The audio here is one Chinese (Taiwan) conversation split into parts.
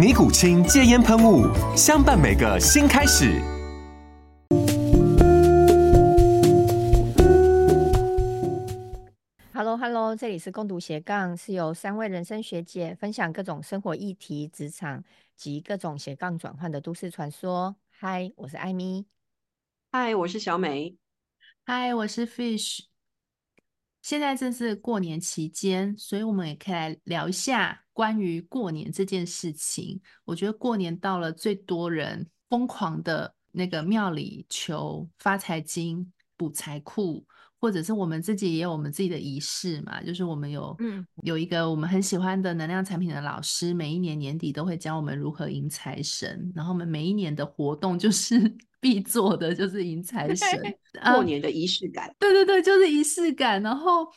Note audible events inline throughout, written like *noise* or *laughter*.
尼古清戒煙噴霧，相伴每個新開始。Hello Hello，這裡是共讀斜槓，是由三位人生學姐分享各種生活議題、職場及各種斜槓轉換的都市傳說。Hi，我是愛咪。Hi，我是小美。Hi，我是 Fish。現在正是過年期間，所以我們也可以來聊一下。關於過年這件事情，我覺得過年到了，最多人瘋狂的那個廟裡求發財金、補財庫，或者是我們自己也有我們自己的儀式嘛。就是我們有，嗯，有一個我們很喜歡的能量產品的老師，每一年年底都會教我們如何迎財神，然後我們每一年的活動就是必做的，就是迎財神 *laughs* 過年的儀式感，嗯。對對對，就是儀式感，然後。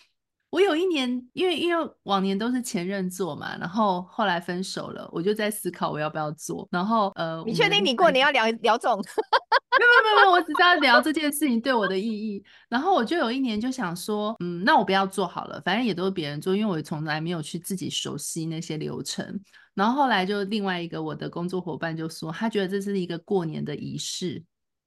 我有一年，因為因為往年都是前任做嘛，然後後來分手了，我就在思考我要不要做。然後呃，你確定你過年要聊聊這種？ *laughs* 沒有沒有沒有，我只是要聊這件事情對我的意義。 *laughs* 然後我就有一年就想說，嗯，那我不要做好了，反正也都是別人做，因為我從來沒有去自己熟悉那些流程。然後後來就另外一個我的工作夥伴就說，他覺得這是一個過年的儀式。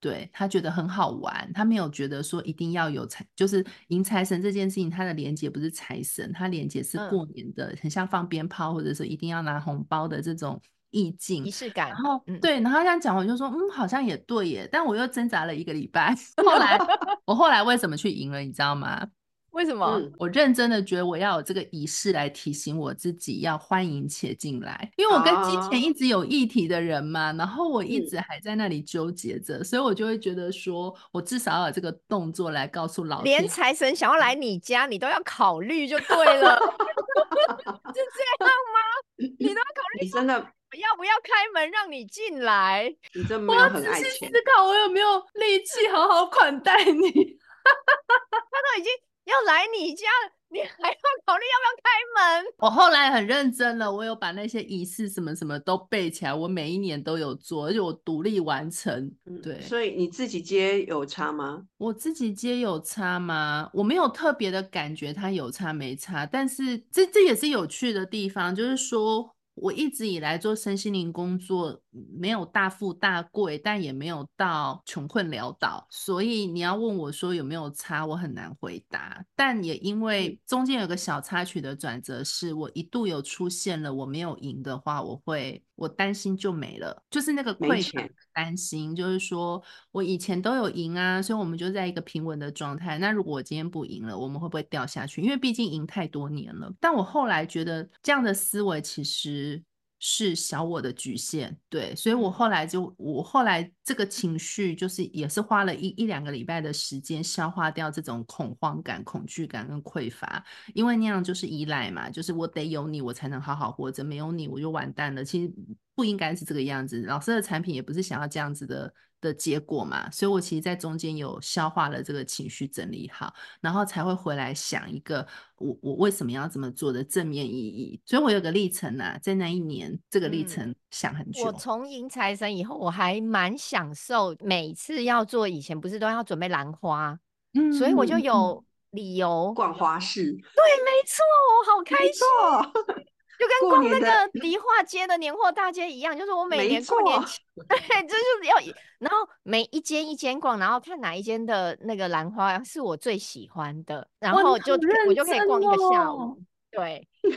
對他覺得很好玩，他沒有覺得說一定要有財，就是迎財神這件事情，他的連接不是財神，他連接是過年的，嗯、很像放鞭炮，或者是一定要拿紅包的這種意境、儀式感。然後、嗯、對，然後他這樣講，我就說，嗯，好像也對耶。但我又掙扎了一個禮拜，後來 *laughs* 我後來為什麼去迎了，你知道嗎？為什麼、嗯？我認真的覺得我要有這個儀式來提醒我自己要歡迎且進來，因為我跟之前一直有議題的人嘛，啊、然後我一直還在那裡糾結着、嗯，所以我就會覺得說，我至少要有這個動作來告訴老天，連財神想要來你家， *laughs* 你都要考慮就對了， *laughs* 是這樣嗎？ *laughs* 你，你都要考慮，你真的要不要開門讓你進來？你很愛我仔細思考，我有沒有力氣好好款待你？ *laughs* *laughs* 他都已經。要來你家，你還要考慮要不要開門？我後來很認真了，我有把那些儀式什麼什麼都背起來，我每一年都有做，而且我獨立完成。對。嗯，所以你自己接有差嗎？我自己接有差嗎？我沒有特別的感覺，它有差沒差，但是這這也是有趣的地方，就是說。我一直以來做身心靈工作，沒有大富大貴，但也沒有到窮困潦倒。所以你要問我說有沒有差，我很難回答。但也因為中間有個小插曲的轉折是，是我一度有出現了我沒有贏的話，我會。我擔心就沒了，就是那個匱乏的擔心，就是說我以前都有贏啊，所以我們就在一個平穩的狀態。那如果我今天不贏了，我們會不會掉下去？因為畢竟贏太多年了。但我後來覺得這樣的思維其實。是小我的局限，對，所以我後來就，我後來這個情緒就是，也是花了一一兩個禮拜的時間消化掉這種恐慌感、恐懼感跟匱乏，因為那樣就是依賴嘛，就是我得有你，我才能好好活着，沒有你我就完蛋了。其實不應該是這個樣子，老師的產品也不是想要這樣子的。的結果嘛，所以我其實，在中間有消化了這個情緒，整理好，然後才會回來想一個我我為什麼要這麼做的正面意義。所以我有個歷程啊，在那一年這個歷程想很久。嗯，我從迎財神以後，我還蠻享受每次要做，以前不是都要準備蘭花，嗯，所以我就有理由逛花市。對，沒錯，我好開心。就跟逛那個迪化街的年貨大街一樣，就是我每年過年，對，啊、 *laughs* 就是要，然後每一間一間逛，然後看哪一間的那個蘭花是我最喜歡的，然後就我，、哦、我就可以逛一個下午。對， *laughs* 對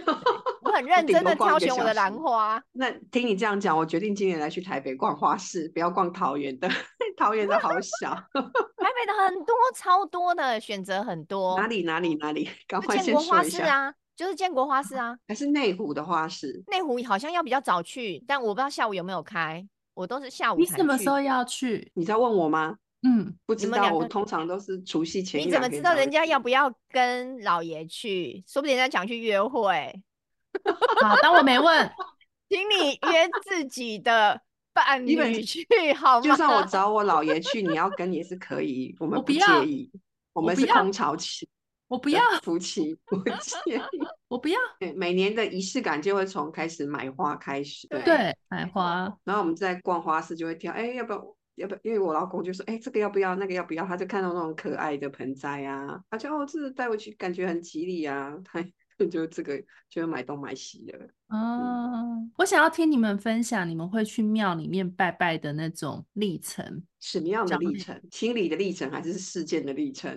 我很認真的挑選我的蘭花。那聽你這樣講，我決定今年來去台北逛花市，不要逛桃園的，桃園的好小。 *laughs* *laughs* 台北的很多，超多的選擇，很多。哪裡哪裡哪裡？趕快去逛花市啊。就是建國花市啊，還是內湖的花市？內湖好像要比較早去，但我不知道下午有沒有開。我都是下午。你什麼時候要去？你在問我嗎？嗯，不知道。我通常都是除夕前。你怎麼知道人家要不要跟老爺去？說不定人家想去約會，欸。好、 *laughs* 啊，當我沒問， *laughs* 請你約自己的伴侶去好嗎？就算我找我老爺去， *laughs* 你要跟也是可以。我們不介意，我、我們是空巢期。我不要夫妻，夫妻。 *laughs* 我不要、欸。每年的儀式感就會從開始買花開始。對，對，買花。然後我們在逛花市就會挑，哎、欸，要不要？要不要？因為我老公就說，哎、欸，這個要不要？那個要不要？他就看到那種可愛的盆栽啊，他就哦，這個、個、帶回去感覺很吉利啊。他就覺得這個就買東買西了。哦、嗯，我想要聽你們分享，你們會去廟裡面拜拜的那種歷程，什麼樣的歷程？心理的歷程還是事件的歷程？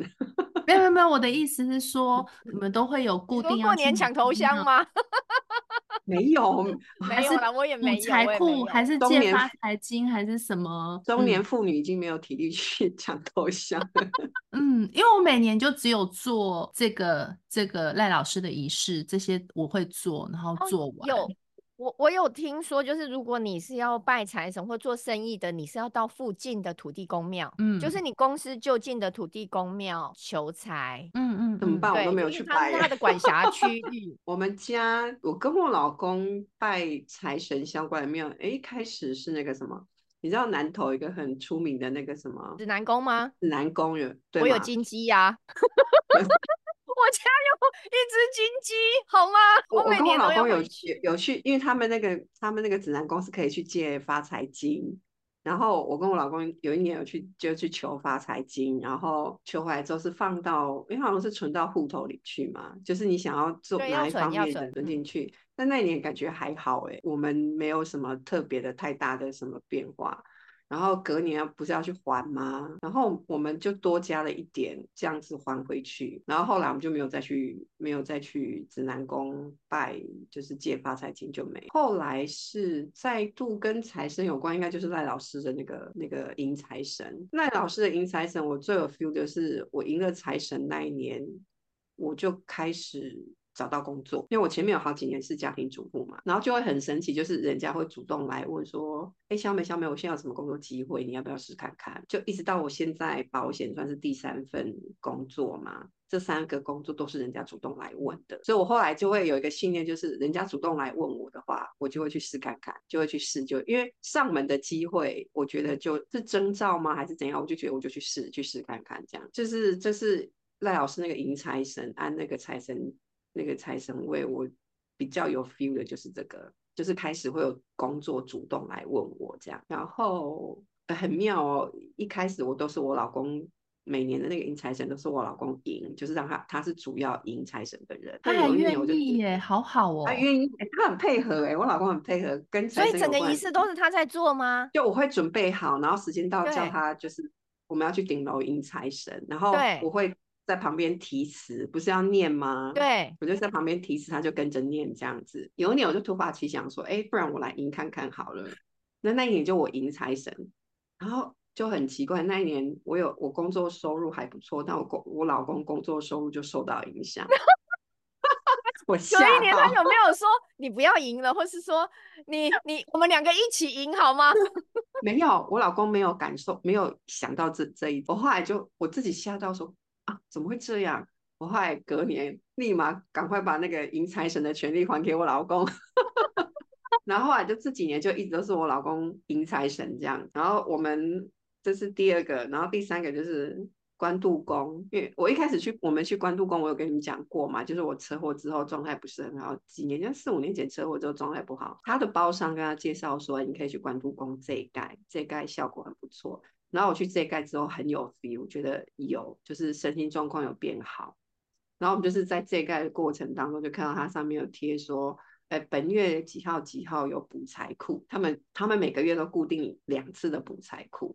欸、沒有沒有，我的意思是說，你們都會有固定過年搶頭香嗎？ *laughs* 沒有，沒有，我也沒有。財庫還是借發財金還是什麼？中年婦、嗯、女已經沒有體力去搶頭香。 *laughs* 嗯，因為我每年就只有做這個這個賴老師的儀式，這些我會做，然後做完。哦，有我我有聽說，就是如果你是要拜財神或做生意的，你是要到附近的土地公廟，嗯，就是你公司就近的土地公廟求財，嗯嗯嗯，嗯嗯，怎麼辦？我都沒有去拜。他的管轄區 *laughs* 我們家我跟我老公拜財神相關的廟，誒，開始是那個什麼，你知道南投一個很出名的那個什麼指南宮嗎？指南宮，我有金雞呀。 *laughs* *laughs* 我家有一隻金雞，好嗎？我每我跟我老公有去有去，因為他們那個他們那個紫南宮可以去借發財金。然後我跟我老公有一年有去就去求發財金，然後求回來之後是放到，因為好像是存到戶頭裡去嘛，就是你想要做哪一方面的存進去，嗯。但那一年感覺還好哎、欸，我們沒有什麼特別的太大的什麼變化。然後隔年不是要去還嗎？然後我們就多加了一點，這樣子還回去。然後後來我們就沒有再去，沒有再去紫南宮拜，就是借發財金。就沒。後來是再度跟財神有關，應該就是賴老師的那個那個迎財神。賴老師的迎財神，我最有 feel 的是，我迎了財神那一年，我就開始。找到工作，因為我前面有好幾年是家庭主婦嘛，然後就會很神奇，就是人家會主動來問說，哎，小美小美，我現在有什麼工作機會，你要不要試看看？就一直到我現在保險算是第三份工作嘛，這三個工作都是人家主動來問的，所以我後來就會有一個信念，就是人家主動來問我的話，我就會去試看看，就會去試，就因為上門的機會，我覺得就是徵兆嗎，還是怎樣？我就覺得我就去試去試看看，這樣就是就是賴老師那個迎財神安、啊、那個財神。那個財神位，我比較有 feel 的就是這個，就是開始會有工作主動來問我這樣，然後、呃、很妙哦，一開始我都是我老公每年的那個迎財神都是我老公迎，就是讓他，他是主要迎財神的人。他很願意耶，好好哦，他願意、欸，他很配合哎，欸，我老公很配合，跟所以整個儀式都是他在做嗎？就我會準備好，然後時間到叫他，就是我們要去頂樓迎財神，然後我會。在旁邊提詞，不是要念嗎？對，我就在旁邊提詞，他就跟着念這樣子。有一年我就突發奇想說：“哎、欸，不然我來迎看看好了。”那那一年就我迎財神，然後就很奇怪，那一年我有我工作收入還不錯，但我工我老公工作收入就受到影響。 *laughs* 我嚇到，有一年他有沒有說你不要迎了，或是說你你我們兩個一起迎好嗎？ *laughs* *laughs* 沒有，我老公沒有感受，沒有想到這這一我後來就我自己嚇到說。啊，怎麼會這樣？我後來隔年立馬趕快把那個迎財神的權利還給我老公， *laughs* 然後後來就這幾年就一直都是我老公迎財神這樣。然後我們這是第二個，然後第三個就是關渡宮，因為我一開始去我們去關渡宮，我有跟你們講過嘛，就是我車禍之後狀態不是很好，幾年前四五年前車禍之後狀態不好，他的包商跟他介紹說你可以去關渡宮這一帶，這一帶效果很不錯。然後我去祭改之後很有 feel，我覺得有，就是身心狀況有變好。然後我們就是在祭改的過程當中，就看到它上面有貼說，呃，本月幾號幾號有補財庫，他們他們每個月都固定兩次的補財庫。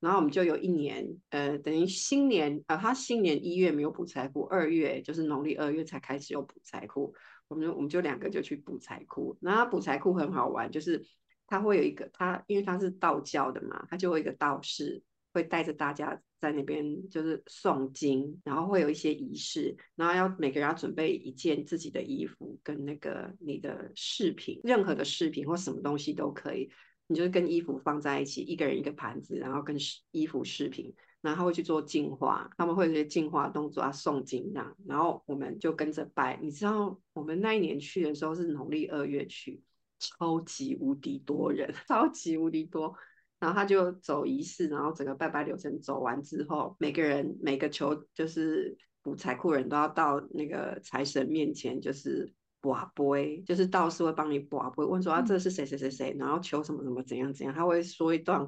然後我們就有一年，呃，等於新年，呃，他新年一月沒有補財庫，二月就是農曆二月才開始有補財庫。我們就我們就兩個就去補財庫，那補財庫很好玩，就是。他會有一個他，因為他是道教的嘛，他就會一個道士會帶着大家在那邊就是誦經，然後會有一些儀式，然後要每個人要準備一件自己的衣服跟那個你的飾品，任何的飾品或什麼東西都可以，你就是跟衣服放在一起，一個人一個盤子，然後跟衣服飾品，然後他會去做淨化，他們會有一些淨化的動作啊誦經這樣，然後我們就跟着拜，你知道我們那一年去的時候是農曆二月去。超級無敵多人，超級無敵多，然後他就走儀式，然後整個拜拜流程走完之後，每個人每個求就是補財庫人都要到那個財神面前，就是卜杯，就是道士會幫你卜杯，問說啊這是誰誰誰誰，然後求什麼什麼怎樣怎樣，他會說一段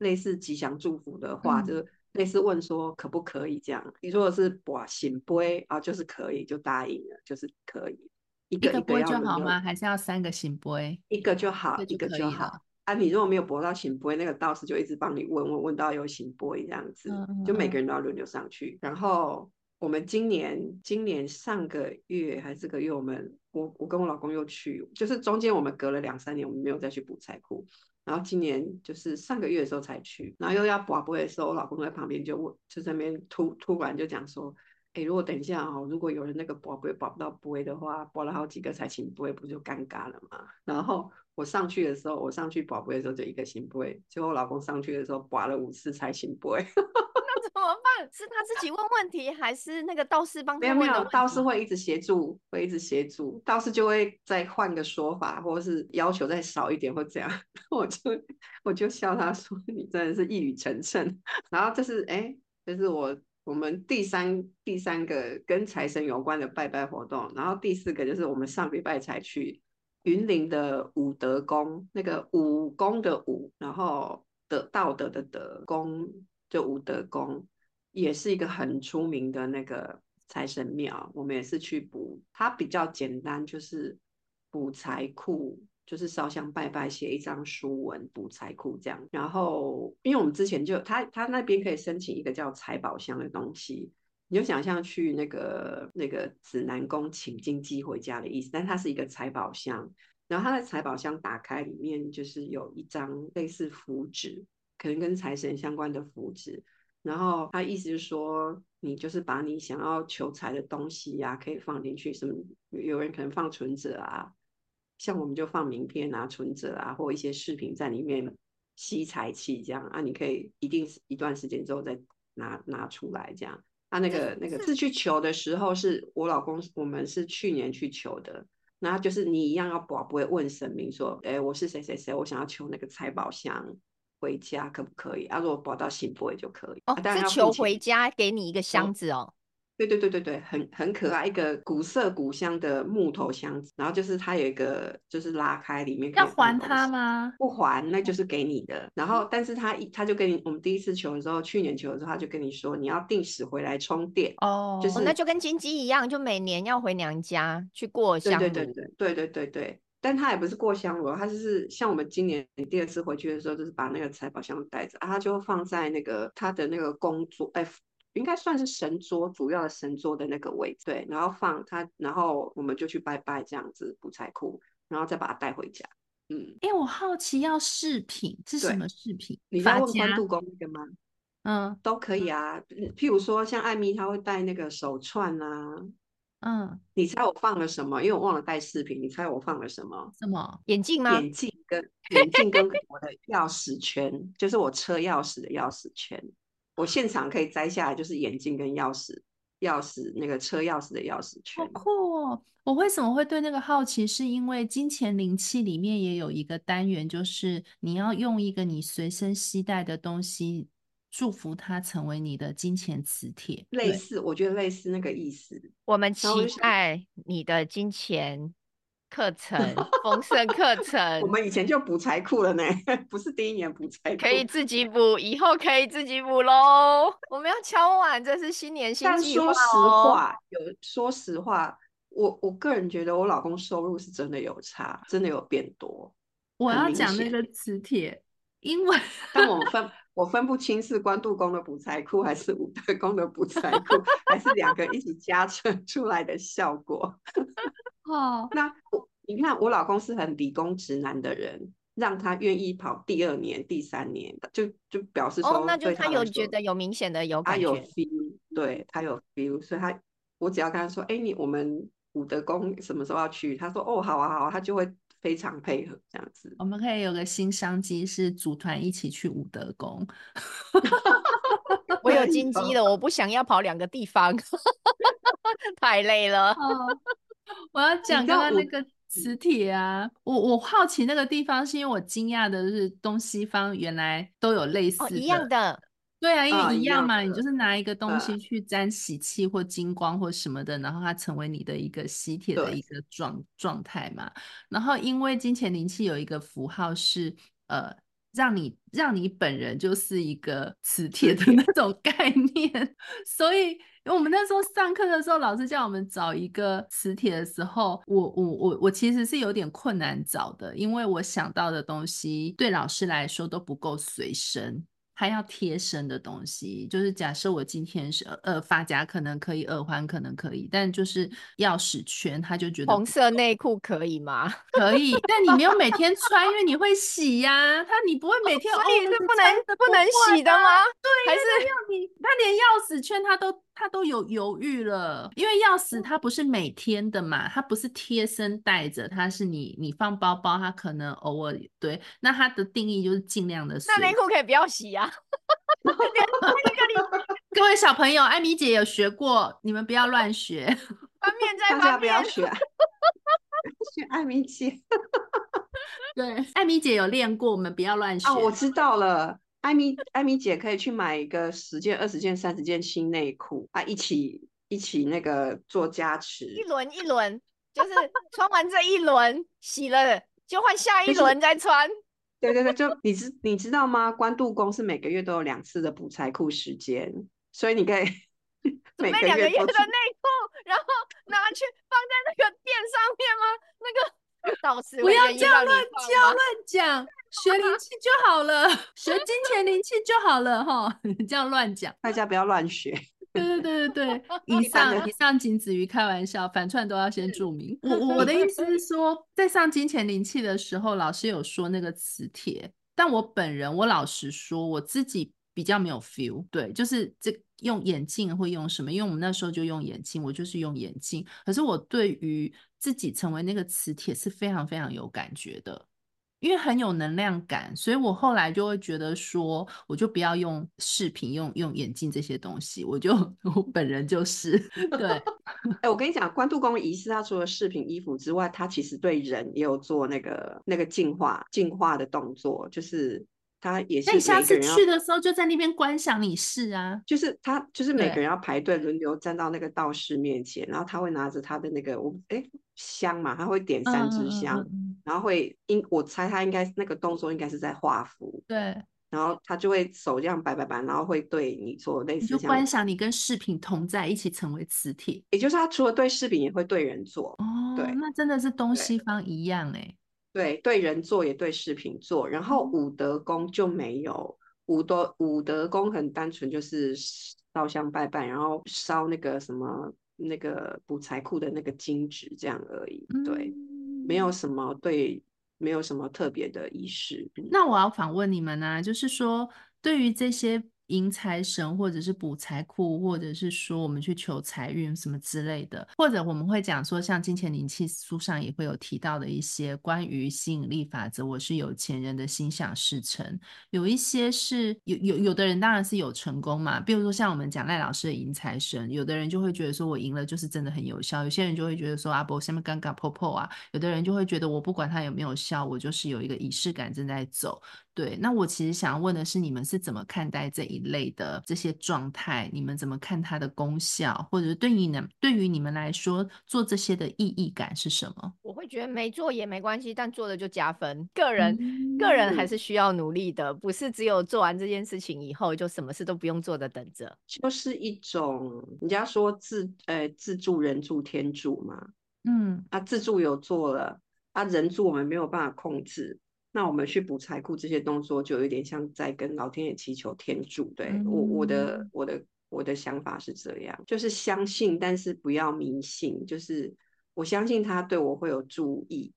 類似吉祥祝福的話，嗯、就是類似問說可不可以這樣，你如果是卜聖杯啊，就是可以就答應了，就是可以。一個杯就好嗎？還是要三個聖杯？一個就好，嗯一個就，一個就好。啊，你如果沒有博到聖杯，那個道士就一直幫你問問，問到有聖杯這樣子，嗯，就每個人都要輪流上去，嗯。然後我們今年，今年上個月還是個月我，我們我我跟我老公又去，就是中間我們隔了兩三年，我們沒有再去補財庫。然後今年就是上個月的時候才去，然後又要博杯的時候，我老公在旁邊就問，就在那邊突突然就講說。欸、如果等一下啊、哦，如果有人那個博杯，博不到杯的話，博了好幾個才聖杯，不就尷尬了嗎？然後我上去的時候，我上去博杯的時候就一個聖杯，最後我老公上去的時候，博了五次才聖杯， *laughs* 那怎麼辦？是他自己問問題，還是那個道士幫？他問問題？沒有，道士會一直協助，會一直協助，道士就會再換個說法，或者是要求再少一點，或怎樣？ *laughs* 我就我就笑他說：“你真的是一語成讖。”然後這、就是哎，這、欸就是我。我們第三第三個跟財神有關的拜拜活動，然後第四個就是我們上禮拜才去雲林的武德宮，那個武功的武，然後德道德的德宮，就武德宮，也是一個很出名的那個財神廟。我們也是去補，它比較簡單，就是補財庫。就是燒香拜拜，寫一張書文補財庫這樣，然後因為我們之前就他他那邊可以申請一個叫財寶箱的東西，你就想象去那個那個指南宮請金雞回家的意思，但它是一個財寶箱，然後它的財寶箱打開裡面就是有一張類似符紙，可能跟財神相關的符紙，然後它意思是說你就是把你想要求財的東西呀、啊，可以放進去，什麼有人可能放存摺啊。像我們就放名片、啊、拿存折啊，或一些飾品在裡面吸財氣這樣啊，你可以一定一段時間之後再拿拿出來這樣。啊、那個嗯，那個那個是去求的時候，是我老公我們是去年去求的，然後就是你一樣要保，不會問神明說，哎，我是誰誰誰，我想要求那個財寶箱回家可不可以？啊，如果保到聖杯就可以。哦，是求回家給你一個箱子哦。哦對對對對對，很很可愛，一個古色古香的木頭箱子，然後就是它有一個，就是拉開裡面要還它嗎？不還，那就是給你的。嗯、然後，但是他一它就跟你我們第一次求的時候，去年求的時候他就跟你說你要定時回來充電哦，就是、哦、那就跟金雞一樣，就每年要回娘家去過香。對對對對對，對對對對，但他也不是過香爐，他就是像我們今年第二次回去的時候，就是把那個財寶箱帶着，啊、他就放在那個他的那個工作哎。F 應該算是神桌，主要的神桌的那個位置，對，然後放它，然後我們就去拜拜這樣子補財庫，然後再把它帶回家。嗯，因、欸、哎，我好奇要飾品是什麼飾品？發你要問關渡宮的嗎？嗯，都可以啊。嗯、譬如說像愛咪，他會戴那個手串啊。嗯，你猜我放了什麼？因為我忘了帶飾品，你猜我放了什麼？什麼？眼鏡嗎？眼鏡跟眼鏡跟我的鑰匙圈， *laughs* 就是我車鑰匙的鑰匙圈。我現場可以摘下來，就是眼鏡跟鑰匙，鑰匙那個車鑰匙的鑰匙圈。好酷哦！我為什麼會對那個好奇？是因為金錢靈氣裡面也有一個單元，就是你要用一個你隨身攜帶的東西，祝福它成為你的金錢磁鐵。類似，我覺得類似那個意思。我們期待你的金錢。課程豐盛課程，課 *laughs* 程我們以前就補財庫了呢，不是第一年補財庫，可以自己補，以後可以自己補嘍。 *laughs* 我們要敲碗，這是新年新年劃、哦、說實話，有說實話，我我個人覺得我老公收入是真的有差，真的有變多。我要講那個磁鐵，因為 *laughs* 但我分我分不清是關渡宮的補財庫，還是武德宮的補財庫， *laughs* 還是兩個一起加成出來的效果。 *laughs* 哦，那你看，我老公是很理工直男的人，讓他願意跑第二年、第三年，就就表示說，說，哦，那就他有覺得有明顯的有感覺，他有 feel, 對他有 feel，所以他我只要跟他說，哎、欸，你我們武德宮什麼時候要去？他說，哦，好啊，好啊，他就會非常配合這樣子。我們可以有個新商機，是組團一起去武德宮。 *laughs* 我有金雞了，我不想要跑兩個地方， *laughs* 太累了。哦我要講剛剛那個磁鐵啊，我我，我好奇那個地方，是因為我驚訝的是東西方原來都有類似的，哦、一樣的，對啊，因為一樣嘛，哦、你就是拿一個東西去沾喜氣或金光或什麼的、嗯，然後它成為你的一個吸鐵的一個狀狀態嘛，然後因為金錢靈氣有一個符號是呃。讓你讓你本人就是一個磁鐵的那種概念， *laughs* 所以我們那時候上課的時候，老師叫我們找一個磁鐵的時候，我我我我其實是有點困難找的，因為我想到的東西對老師來說都不夠隨身。還要貼身的東西，就是假設我今天是耳髮夾，可能可以，耳環可能可以，但就是鑰匙圈，他就覺得紅色內褲可以嗎？可以， *laughs* 但你沒有每天穿， *laughs* 因為你會洗呀、啊。他你不會每天穿、啊。哦、所以是不能不能洗的嗎？對，還是要你他連鑰匙圈他都。他都有猶豫了，因為鑰匙他不是每天的嘛，他不是貼身帶着，他是你你放包包，他可能偶爾對。那他的定義就是盡量的。那內褲可以不要洗呀、啊。 *laughs* *laughs* *laughs* *laughs* 各位小朋友，愛咪姐有學過，你們不要亂學。大家不要學。愛咪姐。對，愛咪姐有練過，我們不要亂學、哦。我知道了。愛咪，愛咪姐可以去買一個十件、二十件、三十件新內褲啊，一起一起那個做加持，一輪一輪，就是穿完這一輪 *laughs* 洗了，就換下一輪再穿。對對對，就你知你知道嗎？關渡宮是每個月都有兩次的補財庫時間，所以你可以 *laughs* 每準備兩個月的內褲，然後拿去放在那個墊上面嗎？ *laughs* 那個道士不要叫亂叫亂講。學靈氣就好了， *laughs* 學金錢靈氣就好了哈！你 *laughs* 這樣亂講，大家不要亂學。對 *laughs* 對對對對，以 *laughs* 上以上僅止於開玩笑，反串都要先註明。 *laughs* 我我的意思是說，在上金錢靈氣的時候，老師有說那個磁鐵，但我本人我老實說，我自己比較沒有 feel。對，就是這用眼鏡會用什麼？因為我們那時候就用眼鏡，我就是用眼鏡。可是我對於自己成為那個磁鐵是非常非常有感覺的。因為很有能量感，所以我後來就會覺得說，我就不要用飾品用用眼鏡這些東西，我就我本人就是。對， *laughs* 欸、我跟你講，關渡宮疑是他除了飾品衣服之外，他其實對人也有做那個那個淨化、淨化的動作，就是。他也是，那你下次去的時候就在那邊觀想。你是啊，就是他就是每個人要排隊輪流站到那個道士面前，然後他會拿着他的那個我哎、欸、香嘛，他會點三支香，然後會應我猜他應該那個動作應該是在畫符，對，然後他就會手這樣擺擺擺，然後會對你做類似就，是做你就觀想你跟飾品同在一起成為磁鐵，也就是他除了對飾品也會對人做哦，對，那真的是東西方一樣哎。對，對人做也對視頻做，然後五德宮就沒有五德五德宮很單純，就是燒香拜拜，然後燒那個什麼那個補財庫的那個金紙這樣而已，對，嗯，沒有什麼對，沒有什麼特別的儀式。那我要反問你們呢、啊，就是說，對於這些。迎財神，或者是補財庫，或者是說我們去求財運什麼之類的，或者我們會講說，像《金錢靈氣書》上也會有提到的一些關於吸引力法則。我是有錢人的心想事成，有一些是有有有的人當然是有成功嘛，比如說像我們講賴老師的迎財神，有的人就會覺得說我贏了就是真的很有效，有些人就會覺得說阿波、啊、什麼剛剛破破啊，有的人就會覺得我不管他有沒有效，我就是有一個儀式感正在走。對，那我其實想要問的是，你們是怎麼看待這一一類的這些狀態，你們怎麼看它的功效？或者對你呢，對於你們來說，做這些的意義感是什麼？我會覺得沒做也沒關係，但做了就加分。個人、嗯，個人還是需要努力的，不是只有做完這件事情以後，就什麼事都不用做的等着。就是一種人家說自呃、欸、自助人助天助嘛，嗯啊，自助有做了啊，人助我們沒有辦法控制。那我們去補財庫這些動作，就有點像在跟老天爺祈求天助。對，我，我的，我的，我的想法是這樣，就是相信，但是不要迷信。就是我相信他對我會有助益。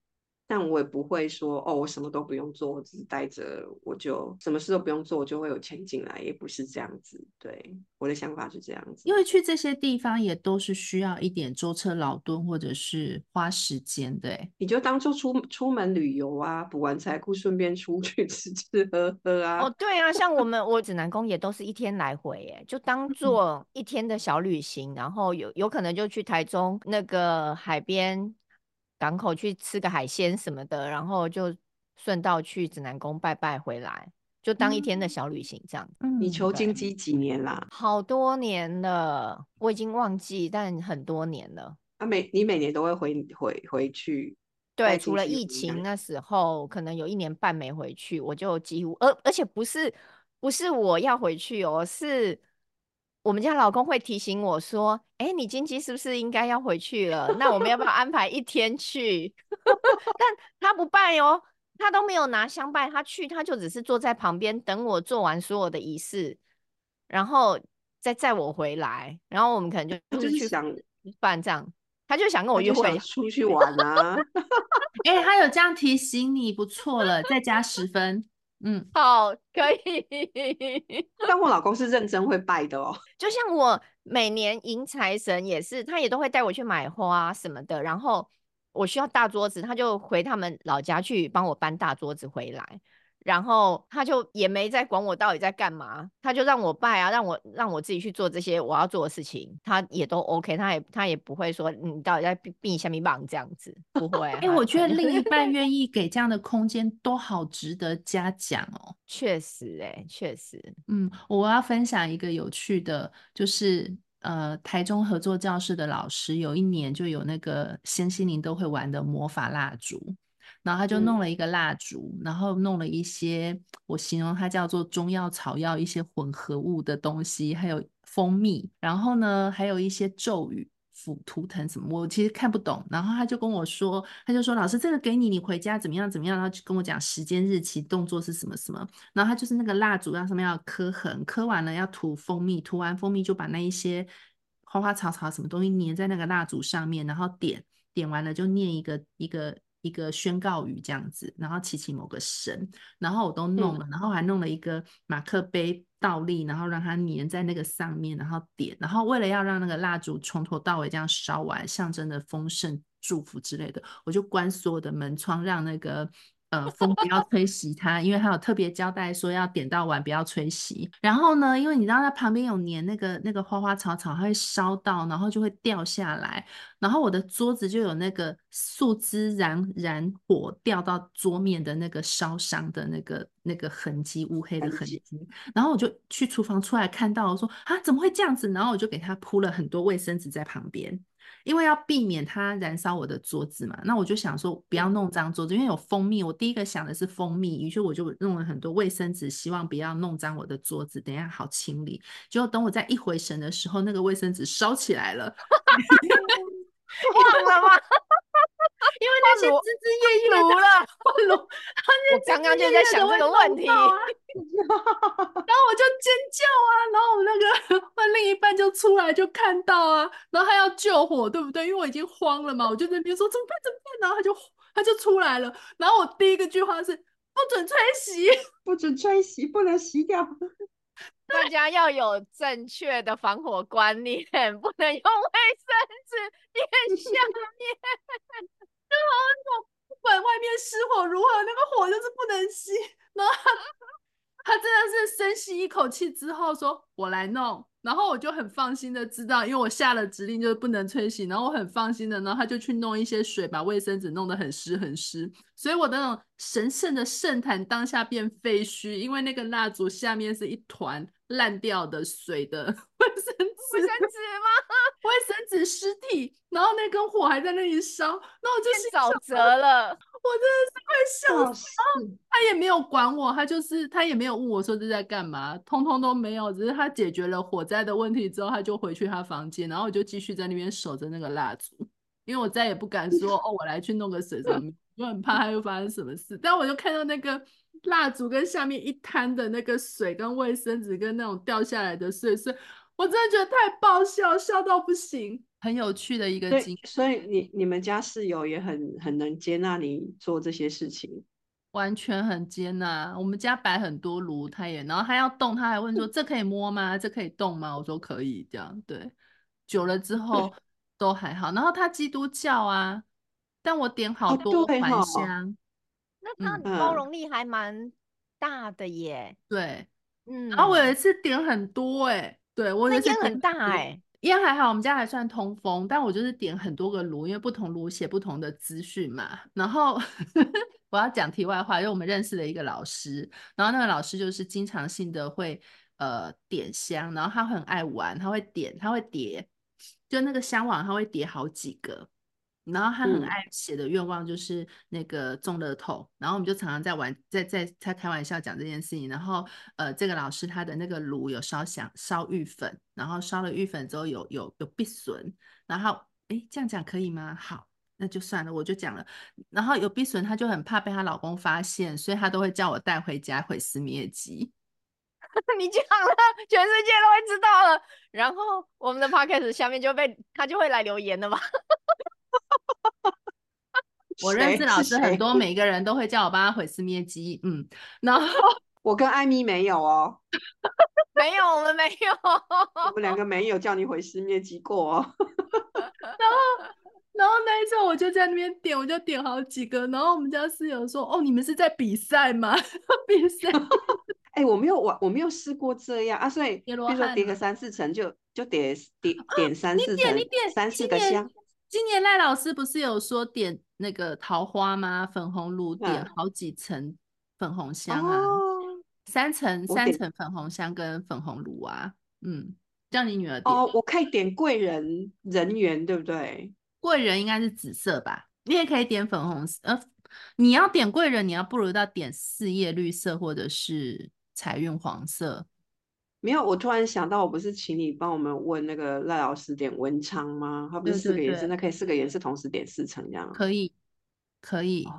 但我也不會說哦，我什麼都不用做，我只是待着我就什麼事都不用做，我就會有錢進來，也不是這樣子。對，我的想法是這樣子，因為去這些地方也都是需要一點舟車勞頓或者是花時間。對，你就當做出出門旅遊啊，補完財庫順便出去吃吃喝喝啊。 *laughs* 哦，對啊，像我們我指南宮也都是一天來回耶，就當做一天的小旅行，嗯、然後有有可能就去台中那個海邊。港口去吃個海鮮什麼的，然後就順道去指南宮拜拜，回來就當一天的小旅行這樣。嗯嗯嗯、你求經幾幾年啦？好多年了，我已經忘記，但很多年了。啊，每你每年都會回回回去？對，除了疫情那時候，可能有一年半沒回去，我就幾乎而而且不是不是我要回去哦，是。我們家老公會提醒我說：“哎、欸，你今天是不是應該要回去了？那我們要不要安排一天去？” *laughs* *laughs* 但他不拜喲、哦，他都沒有拿香拜，他去他就只是坐在旁邊等我做完所有的儀式，然後再載我回來。然後我們可能就去他就想辦這樣，他就想跟我約會出去玩哎、啊 *laughs* 欸，他有這樣提醒你，不錯了，再加十分。嗯，好，可以。 *laughs* 但我老公是認真會拜的哦 *laughs* 就像我每年迎財神也是，他也都會帶我去買花什麼的。然後我需要大桌子，他就回他們老家去幫我搬大桌子回來。然後他就也沒再管我到底在幹嘛，他就讓我拜啊，讓我讓我自己去做這些我要做的事情，他也都 OK，他也他也不會說你到底在避下咪棒這樣子，不會。哎、 *laughs* *laughs* 欸，我覺得另一半願意給這樣的空間，都好，值得嘉獎哦。確實、欸，哎，確實，嗯，我要分享一個有趣的，就是呃，台中合作教室的老師，有一年就有那個身心靈都會玩的魔法蠟燭。然後他就弄了一個蠟燭，嗯、然後弄了一些我形容它，叫做中藥草藥一些混合物的東西，還有蜂蜜，然後呢，還有一些咒語、符、圖騰什麼。我其實看不懂。然後他就跟我說，他就說老師，這個給你，你回家怎麼樣怎麼樣？然後就跟我講時間、日期、動作是什麼什麼。然後他就是那個蠟燭，要上面要刻痕，刻完了要塗蜂蜜，塗完蜂蜜就把那一些花花草草什麼東西粘在那個蠟燭上面，然後點，點完了就念一個一個。一個宣告語這樣子，然後祈起,起某個神，然後我都弄了、嗯，然後還弄了一個馬克杯倒立，然後讓它粘在那個上面，然後點，然後為了要讓那個蠟燭從頭到尾這樣燒完，象徵的豐盛祝福之類的，我就關所有的門窗，讓那個。 *laughs* 呃，風不要吹熄它，因為它有特別交代說要點到完不要吹熄。然後呢，因為你知道它旁邊有粘那個那個花花草草，它會燒到，然後就會掉下來。然後我的桌子就有那個樹枝燃燃火掉到桌面的那個燒傷的那個那個痕跡，烏黑的痕跡。 *laughs* 然後我就去廚房出來看到了，我說啊，怎麼會這樣子？然後我就給他鋪了很多衛生紙在旁邊。因為要避免它燃燒我的桌子嘛，那我就想說不要弄髒桌子，因為有蜂蜜，我第一個想的是蜂蜜，於是我就弄了很多衛生紙，希望不要弄髒我的桌子，等下好清理。結果等我再一回神的時候，那個衛生紙燒起來了，哈哈哈！ *laughs* 因為那些枝枝葉葉爐了，換爐，啊，我剛剛就在想這個問題， *laughs* 然後我就尖叫啊，然後我那個換另一半就出來就看到啊，然後他要救火對不對？因為我已經慌了嘛，我就在那邊說怎麼辦怎麼辦，然後他就他就出來了，然後我第一個句話是不准吹熄，不准吹熄，不能熄掉，大家要有正確的防火觀念，不能用衛生紙墊下面。 *laughs* 就好，那種不管外面失火如何，那個火就是不能熄。然後他，他真的是深吸一口氣之後說：“我來弄。”然後我就很放心的知道，因為我下了指令就是不能吹熄。然後我很放心的，呢，他就去弄一些水，把衛生紙弄得很濕很濕。所以我的那種神聖的聖壇當下變廢墟，因為那個蠟燭下面是一團爛掉的水的衛生紙。衛生紙嗎？衛生紙屍體，然後那根火還在那裡燒，然後我就是沼澤了。我真的是快笑死、哦、他也沒有管我，他就是他也沒有問我說這在幹嘛，通通都沒有。只是他解決了火災的問題之後，他就回去他房間，然後我就繼續在那邊守着那個蠟燭，因為我再也不敢說 *laughs* 哦，我來去弄個水上面，我 *laughs* 很怕它又發生什麼事。 *laughs* 但我就看到那個蠟燭跟下面一灘的那個水跟衛生紙跟那種掉下來的碎碎。我真的覺得太爆笑，笑到不行，很有趣的一個經歷。所以你你們家室友也很很能接納你做這些事情？完全很接納。我們家擺很多爐，他也然後他要動，他還問說、嗯：“這可以摸嗎？這可以動嗎？”我說：“可以。”這樣對，久了之後、嗯、都還好。然後他基督教啊，但我點好多檀香、欸哦嗯，那他包容力還蠻大的耶、嗯。對，嗯。然後我有一次點很多、欸，哎。對，我煙很大哎、欸，煙還好，我們家還算通風。但我就是點很多個爐，因為不同爐寫不同的資訊嘛。然後 *laughs* 我要講題外話，因為我們認識了一個老師，然後那個老師就是經常性的會呃點香，然後他很愛玩，他會點，他會疊，就那個香網他會疊好幾個。然後他很愛寫的願望就是那個中樂透，然後我們就常常在玩，在在他開玩笑講這件事情。然後呃，這個老師他的那個爐有燒香燒玉粉，然後燒了玉粉之後有有有避損，然後哎這樣講可以嗎？好，那就算了，我就講了。然後有避損，他就很怕被他老公發現，所以他都會叫我帶回家毀屍滅跡。 *laughs* 你講了，全世界都會知道了。然後我們的 podcast 下面就被 *laughs* 他就會來留言的嘛。 *laughs* *laughs* 我認識老師很多，每個人都會叫我幫他毀屍滅跡。 *laughs* 嗯，然後 *laughs* 我跟愛咪沒有哦， *laughs* *laughs* 沒有了，沒有。 *laughs* 我們兩個沒有叫你毀屍滅迹過哦。 *laughs* *laughs* 然後，然後那一次我就在那邊點，我就點好幾個。然後我們家室友說：“哦，你們是在比賽嗎？ *laughs* 比賽？”哎，我沒有，我我沒有試過這樣啊。所以，比如說疊個三四層，就就疊疊疊三、啊、點三四層，三四個箱。今年賴老師不是有說點那個桃花嗎？粉紅爐點好幾層粉紅香啊，啊哦、三層三層粉紅香跟粉紅爐啊，嗯，叫你女兒點哦，我可以點貴人人緣對不對？貴人應該是紫色吧？你也可以點粉紅色，嗯、呃，你要點貴人，你要不如到點四葉綠色或者是財運黃色。沒有，我突然想到，我不是請你幫我們問那個賴老師點文昌嗎？他不是四個顏色，那可以四個顏色同時點四層這樣。可以，可以哦。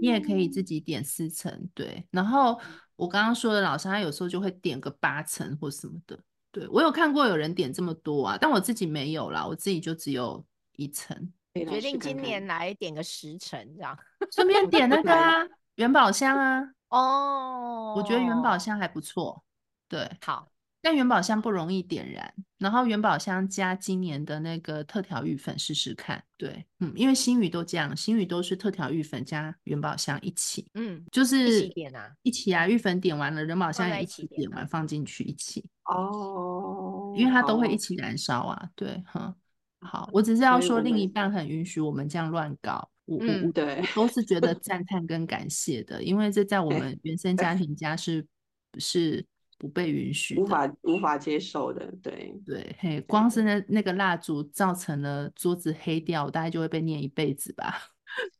你也可以自己點四層，對。然後我剛剛說的老師，他有時候就會點個八層或什麼的。對。我有看過有人點這麼多啊，但我自己沒有啦，我自己就只有一層，決定今年來點個十層這樣， *laughs* 順便點那個啊 *laughs* 元寶箱啊。哦、oh.，我覺得元寶箱還不錯，對，好。但元寶箱不容易點燃，然後元寶箱加今年的那個特調玉粉試試看。對，嗯，因為新宇都這樣，新宇都是特調玉粉加元寶箱一起。嗯，就是一起點啊，一起啊，玉粉點完了，元寶箱也一起點完放進去一起。哦，因為它都會一起燃燒啊。Oh, okay. 對，哈，好，我只是要說另一半很允許我們這樣亂搞，我，我，我，嗯，對，都是覺得讚嘆跟感謝的， *laughs* 因為這在我們原生家庭家是 *laughs* 是。不被允許，無法無法接受的。對對，嘿，光是那那個蠟燭造成了桌子黑掉，大概就會被念一輩子吧。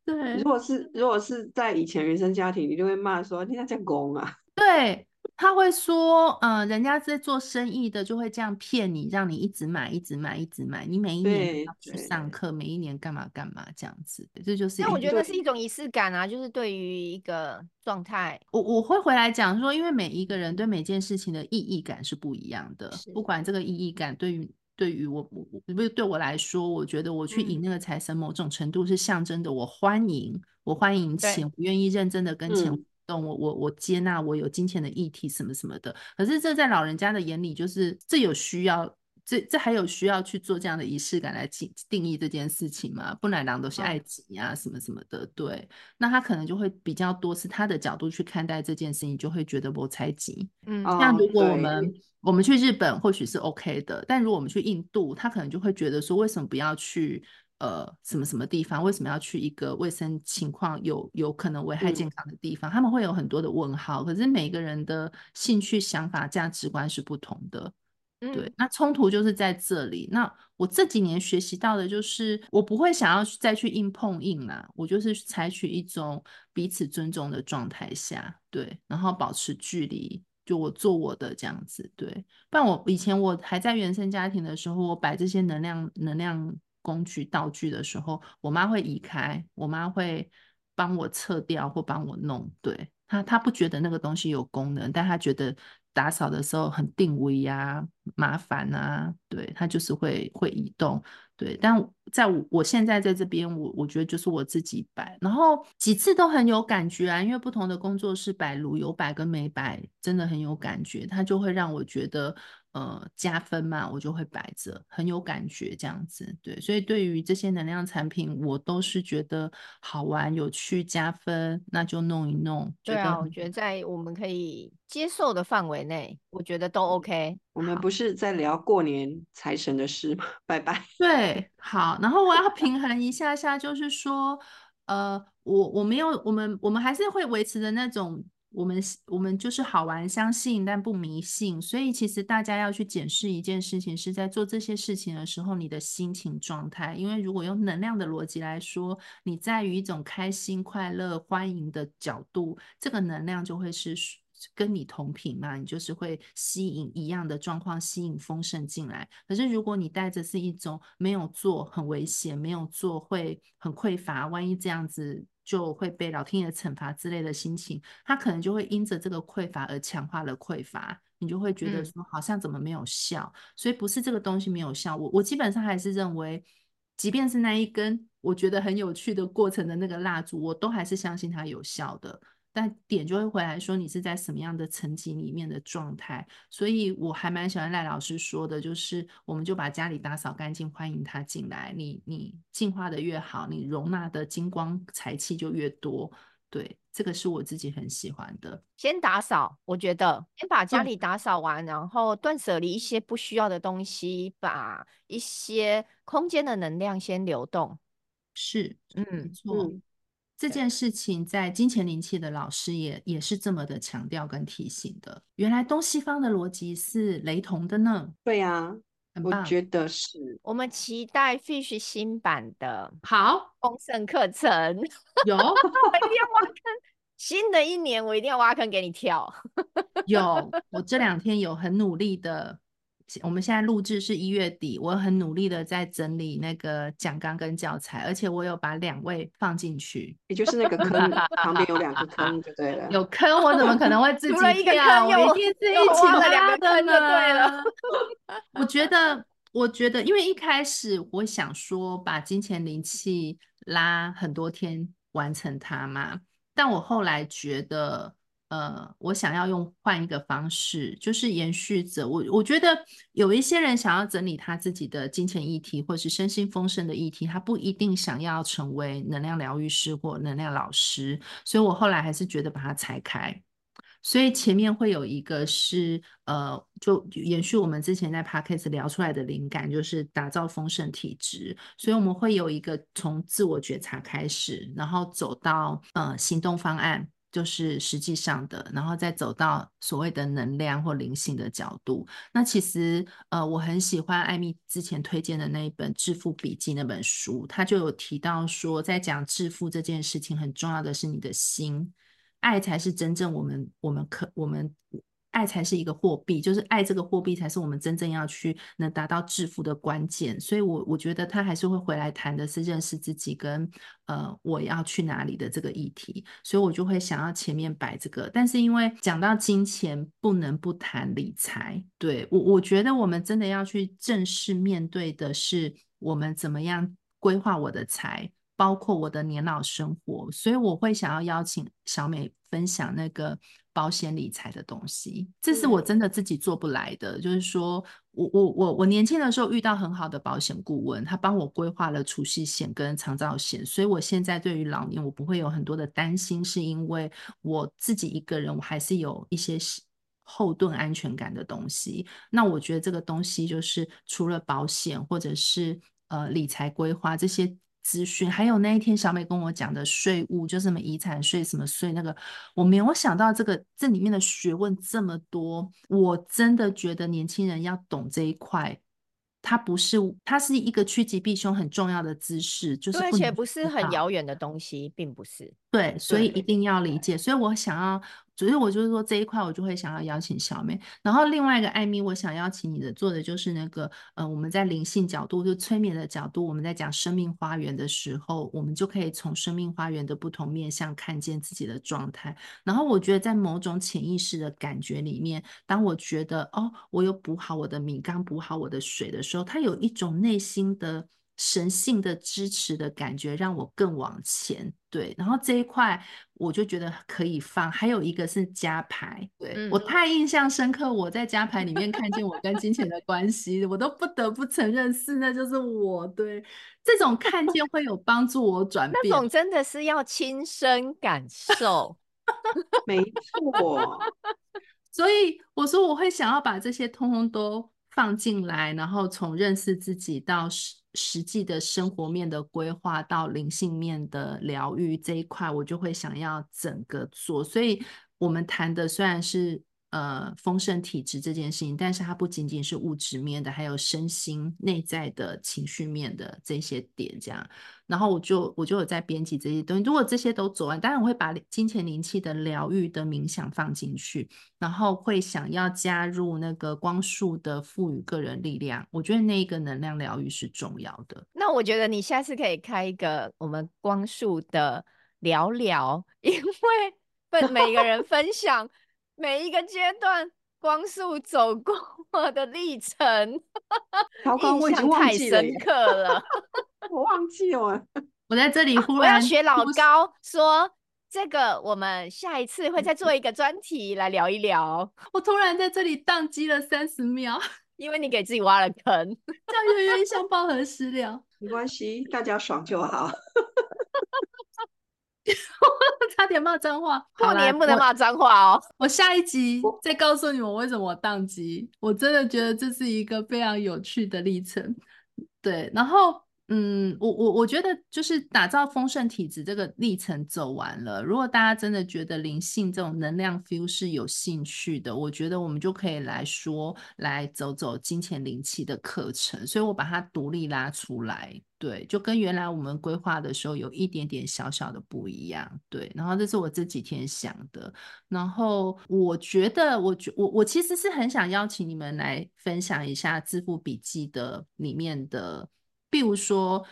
對，如果是如果是在以前原生家庭，你就會罵說你那叫功啊。對。他會說，嗯、呃，人家在做生意的就會這樣騙你，讓你一直買，一直買，一直買。你每一年去上課，每一年幹嘛幹嘛這樣子，這就是。那我覺得是一種儀式感啊，就是對於一個狀態，我我會回來講說，因為每一個人對每件事情的意義感是不一樣的。不管這個意義感對於對於我，我不不對我來說，我覺得我去引那個財神，某種程度是象徵的我、嗯，我歡迎我歡迎錢，我願意認真的跟錢、嗯。懂，我我我接納我有金錢的議題什麼什麼的，可是這在老人家的眼裡就是這有需要，這這還有需要去做這樣的儀式感來定義這件事情嘛？不然狼都是愛情呀什麼什麼的，okay. 對，那他可能就會比較多是他的角度去看待這件事情，就會覺得我猜忌。嗯，像如果我們、oh, 我們去日本或許是 OK 的，但如果我們去印度，他可能就會覺得說，為什麼不要去？呃，什麼什麼地方？為什麼要去一個衛生情況有有可能危害健康的地方，嗯。他們會有很多的問號。可是每個人的興趣、想法、價值觀是不同的，嗯、對。那衝突就是在這裡。那我這幾年學習到的就是，我不會想要再去硬碰硬啦，啊，我就是採取一種彼此尊重的狀態下，對，然後保持距離，就我做我的這樣子，對。不然我以前我還在原生家庭的時候，我擺這些能量，能量。工具道具的時候，我媽會移開，我媽會幫我撤掉或幫我弄。對她，她不覺得那個東西有功能，但她覺得打掃的時候很定位呀、啊，麻煩啊。對她就是會會移動，對。但在我我現在在這邊，我我覺得就是我自己擺，然後幾次都很有感覺啊，因為不同的工作室擺，如有擺跟沒擺，真的很有感覺，它就會讓我覺得。呃，加分嘛，我就會擺着，很有感覺這樣子，對，所以對於這些能量產品，我都是覺得好玩、有趣，加分，那就弄一弄。對啊，覺我覺得在我們可以接受的範圍內，我覺得都 OK。我們不是在聊過年財神的事嗎？拜拜。 *laughs* 對，好，然後我要平衡一下下，就是說， *laughs* 呃，我我沒有，我們我們還是會維持著那種。我們我們就是好玩，相信但不迷信，所以其實大家要去檢視一件事情，是在做這些事情的時候，你的心情狀態。因為如果用能量的邏輯來說，你在於一種開心、快樂、歡迎的角度，這個能量就會是跟你同頻嘛，你就是會吸引一樣的狀況，吸引豐盛進來。可是如果你帶着是一種沒有做很危險，沒有做會很匱乏，萬一這樣子。就會被老天爺懲罰之類的心情，他可能就會因着這個匱乏而強化了匱乏。你就會覺得說，好像怎麼沒有效。嗯。所以不是這個東西沒有效，我我基本上還是認為，即便是那一根我覺得很有趣的過程的那個蠟燭，我都還是相信它有效的。那點就會回來說，你是在什麼樣的層級裡面的狀態，所以我還蠻喜歡賴老師說的，就是我們就把家裡打掃乾淨，歡迎他進來。你你進化的越好，你容納的金光財氣就越多。對，這個是我自己很喜歡的。先打掃，我覺得先把家裡打掃完，嗯，然後斷捨離一些不需要的東西，把一些空間的能量先流動。是，是，嗯，沒錯。嗯這件事情在金錢靈氣的老師也也是這麼的強調跟提醒的。原來東西方的邏輯是雷同的呢？對啊，我覺得是。我們期待 Fish 新版的好豐盛課程。有， *laughs* 我一定要挖坑。 *laughs* 新的一年我一定要挖坑給你跳。 *laughs* 有，我這兩天有很努力的。我們現在錄制是一月底，我很努力的在整理那個講綱跟教材，而且我有把兩位放進去，也就是那個坑 *laughs* 旁邊有兩個坑就對了。 *laughs* 有坑，我怎麼可能會自己？不然一個坑，我一天是一起拉的挖兩個坑就對了。 *laughs* 我覺得，我覺得，因為一開始我想說把金錢靈氣拉很多天完成它嘛，但我後來覺得。呃，我想要用換一個方式，就是延續着我，我覺得有一些人想要整理他自己的金錢議題，或者是身心豐盛的議題，他不一定想要成為能量療癒師或能量老師，所以我後來還是覺得把它拆開。所以前面會有一個是，呃，就延續我們之前在 Podcast 聊出來的靈感，就是打造豐盛體質，所以我們會有一個從自我覺察開始，然後走到呃行動方案。就是實際上的，然後再走到所謂的能量或靈性的角度。那其實，呃，我很喜歡愛咪之前推薦的那一本《致富筆記》那本書，它就有提到說，在講致富這件事情，很重要的是你的心，愛才是真正我們我們可我們。愛才是一個貨幣，就是愛這個貨幣才是我們真正要去能達到致富的關鍵。所以我，我我覺得他還是會回來談的是認識自己跟呃我要去哪裡的這個議題。所以我就會想要前面擺這個，但是因為講到金錢，不能不談理財。對，我，我覺得我們真的要去正式面對的是我們怎麼樣規劃我的財，包括我的年老生活。所以，我會想要邀請小美。分享那個保險理財的東西，這是我真的自己做不來的。就是說我我我我年輕的時候遇到很好的保險顧問，他幫我規劃了儲蓄險跟長照險，所以我現在對於老年我不會有很多的擔心，是因為我自己一個人，我還是有一些後盾安全感的東西。那我覺得這個東西就是除了保險或者是呃理財規劃這些。資訊還有那一天，小美跟我講的稅務，就是、什麼遺產稅什麼稅那個，我沒有想到這個這裡面的學問這麼多。我真的覺得年輕人要懂這一塊，它不是，它是一個趨吉避凶很重要的知識，就是而且不是很遙遠的東西，並不是。對，所以一定要理解。對對對，所以我想要。所以，我就是說這一塊，我就會想要邀請小美。然後，另外一個艾米，我想邀請你的做的就是那個，呃，我們在靈性角度，就催眠的角度，我們在講生命花園的時候，我們就可以從生命花園的不同面向看見自己的狀態。然後，我覺得在某種潛意識的感覺裡面，當我覺得哦，我有補好我的米缸，補好我的水的時候，它有一種內心的。神性的支持的感覺讓我更往前。對，然後這一塊我就覺得可以放。還有一個是家排，對、嗯、我太印象深刻。我在家排裡面看見我跟金錢的關係， *laughs* 我都不得不承認是那就是我。對，這種看見會有幫助我轉變， *laughs* 那種真的是要親身感受， *laughs* 沒錯錯。 *laughs* 所以我說我會想要把這些通通都。放進來，然後從認識自己到實實際的生活面的規劃，到靈性面的療癒這一塊，我就會想要整個做。所以，我們談的雖然是。呃，豐盛體質這件事情，但是它不僅僅是物質面的，還有身心內在的情緒面的這些點，這樣。然後我就我就有在編輯這些東西。如果這些都做完，當然我會把金錢靈氣的療癒的冥想放進去，然後會想要加入那個光束的賦予個人力量。我覺得那一個能量療癒是重要的。那我覺得你下次可以開一個我們光束的聊聊，因為分每個人分享。 *laughs* 每一個階段，光速走過我的歷程，老高，印象太深刻了，我忘記了。 *laughs* 我在這裡忽然、啊，我要學老高說這個，我們下一次會再做一個專題來聊一聊。我突然在這裡宕機了三十秒，因為你給自己挖了坑，叫冤冤相報何時了，沒關係，大家爽就好。 *laughs* *laughs* 差點罵髒話，過年好不能罵髒話哦。我下一集再告訴你們為什麼我宕機。我真的覺得這是一個非常有趣的歷程。對，然後，嗯，我我我覺得就是打造豐盛體質這個歷程走完了。如果大家真的覺得靈性這種能量 feel 是有興趣的，我覺得我們就可以來說來走走金錢靈氣的課程。所以我把它獨立拉出來。對，就跟原來我們規劃的時候有一點點小小的不一樣，對。然後這是我這幾天想的。然後我覺得，我覺我我其實是很想邀請你們來分享一下致富筆記的裡面的，比如說，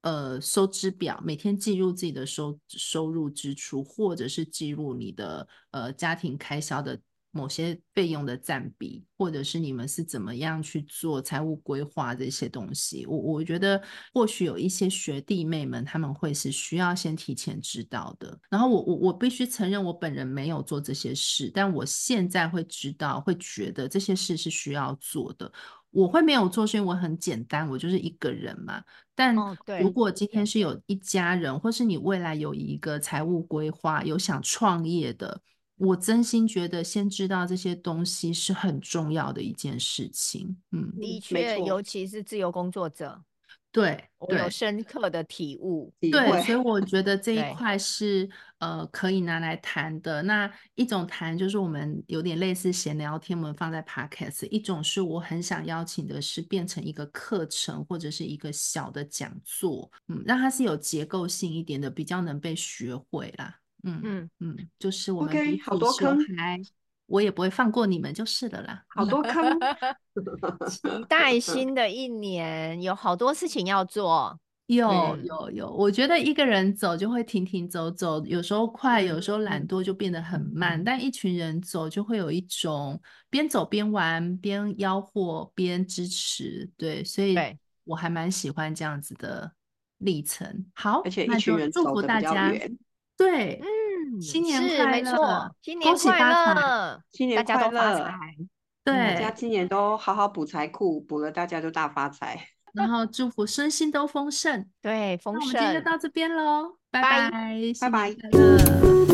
呃，收支表，每天記錄自己的收收入支出，或者是記錄你的呃家庭開銷的，某些費用的占比，或者是你們是怎麼樣去做財務規劃這些東西，我我覺得或許有一些學弟妹們他們會是需要先提前知道的。然後我我我必須承認，我本人沒有做這些事，但我現在會知道，會覺得這些事是需要做的。我會沒有做是因為我很簡單，我就是一個人嘛。但如果今天是有一家人，或是你未來有一個財務規劃，有想創業的。我真心覺得，先知道這些東西是很重要的一件事情。嗯，的確，尤其是自由工作者，對，對我有深刻的體悟。對，所以我覺得這一塊是呃可以拿來談的。那一種談就是我們有點類似閒聊天我們放在 Podcast，一種是我很想邀請的是變成一個課程或者是一個小的講座。嗯，那它是有結構性一點的，比較能被學會啦。嗯嗯嗯，嗯，就是我們 okay, 好多坑，我也不會放過你們，就是了啦。好多坑，期 *laughs* 待新的一年有好多事情要做。 *laughs* 有有有，我覺得一個人走就會停停走走，有時候快，有時候懶惰就變得很慢。嗯、但一群人走就會有一種邊走邊玩、邊吆喝、邊支持，對，所以我還蠻喜歡這樣子的歷程。好，一群人走得比較遠。那就祝福大家。對，嗯，新年快樂，恭喜發財，新年大家都發財，對，大家今年都好好補財庫，補了大家都大發財，然後祝福身心都豐盛， *laughs* 對，豐盛，那我們今天就到這邊嘍，拜拜，拜拜，新年快樂， *music*